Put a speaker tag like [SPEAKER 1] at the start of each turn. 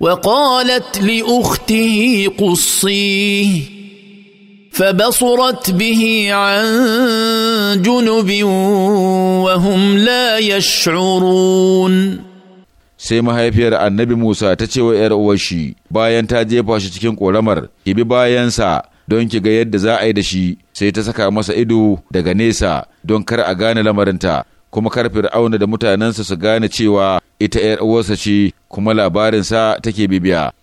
[SPEAKER 1] وقالت لاخته قصيه فبصرت به عن جنب
[SPEAKER 2] وهم لا يشعرون sai mahaifiyar annabi Musa ta
[SPEAKER 3] ce wa ‘yar uwarshi bayan ta jefa shi cikin ƙoramar, bi bayansa don ki ga yadda za a yi da shi, sai ta saka masa ido daga nesa don kar a gane lamarinta, kuma kar fir'auna da mutanensa su gane cewa ita ‘yar uwarsa ce kuma labarinsa
[SPEAKER 4] take bibiya